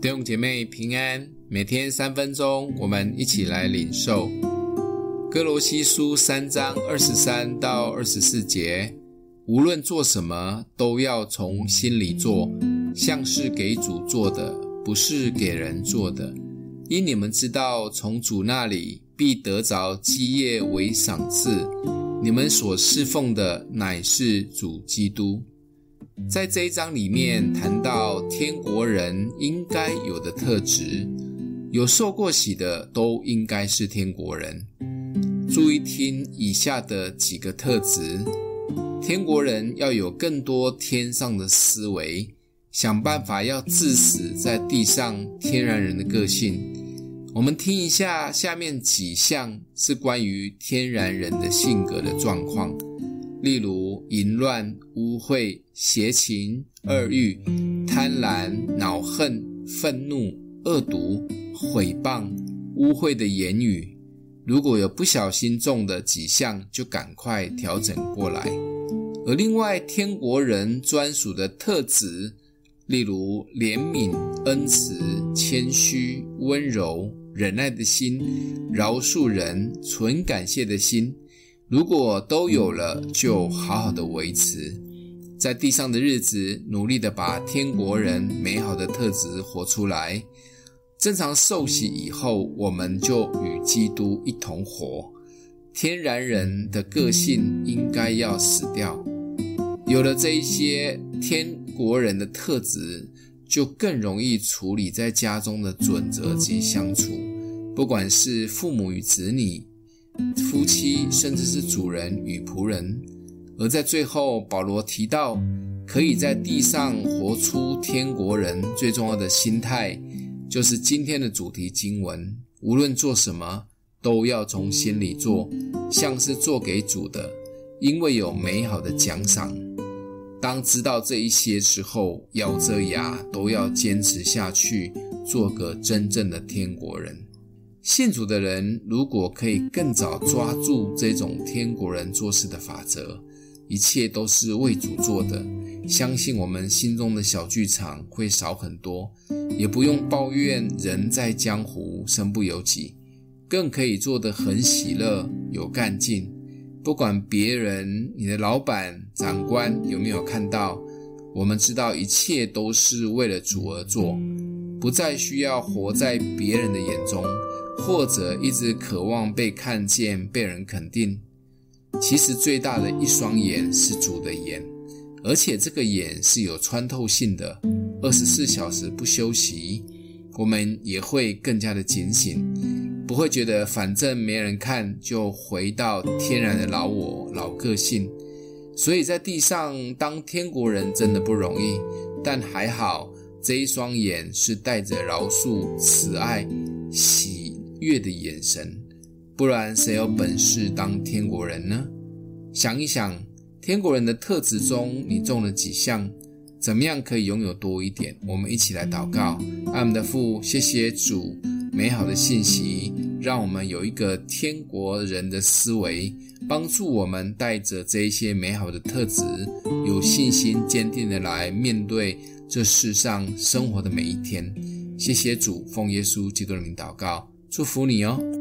弟兄姐妹平安，每天三分鐘，我們一起來領受《歌羅西書》三章二十三到二十四節。無論做什麼，都要從心裡做，像是給主做的，不是給人做的。因你們知道，從主那裡必得着基業為賞賜。你們所侍奉的乃是主基督。在這一章裡面談到天國人應該有的特質，有受過洗的都應該是天國人。注意聽以下的幾個特質，天國人要有更多天上的思維，想辦法要治死在地上天然人的個性。我們聽一下下面幾項是關於天然人的性格的狀況。例如淫亂、污穢、邪情、惡慾、貪婪、惱恨、忿怒、惡毒、毀謗污、污穢的言語。如果有不小心中的幾項，就趕快調整過來。而另外天國人專屬的特質，例如憐憫、恩慈、謙虛、溫柔、忍耐的心、饒恕人、存感謝的心。如果都有了，就好好的維持，在地上的日子，努力的把天國人美好的特質活出來。正常受洗以後，我們就與基督一同活。天然人的個性應該要死掉，有了這一些天國人的特質，就更容易處理在家中的準則及相處，不管是父母與子女。夫妻，甚至是主人與僕人，而在最後，保羅提到，可以在地上活出天國人最重要的心態，就是今天的主題經文，無論做什麼，都要從心裡做，像是做給主的，因為有美好的獎賞。當知道這一些時候，咬着牙都要堅持下去，做個真正的天國人。信主的人，如果可以更早抓住這種天國人做事的法則，一切都是為主做的，相信我們心中的小劇場會少很多，也不用抱怨人在江湖身不由己，更可以做得很喜樂有幹勁。不管別人、你的老板、長官有沒有看到，我們知道一切都是為了主而做，不再需要活在別人的眼中。或者一直渴望被看見、被人肯定，其實最大的一雙眼是主的眼，而且這個眼是有穿透性的，二十四小時不休息，我們也會更加的儆醒，不會覺得反正沒人看，就回到天然的老我、老個性。所以在地上當天國人真的不容易，但還好這一雙眼是帶着饒恕、慈愛、喜。悅的眼神，不然誰有本事當天國人呢？想一想，天國人的特質中，你中了幾項？怎麼樣可以擁有多一點？我們一起來禱告。愛我們的父，謝謝主美好的信息，讓我們有一個天國人的思維，幫助我們帶着這一些美好的特質，有信心、堅定的來面對這世上生活的每一天。謝謝主，奉耶穌基督的名禱告。祝福你哦啊。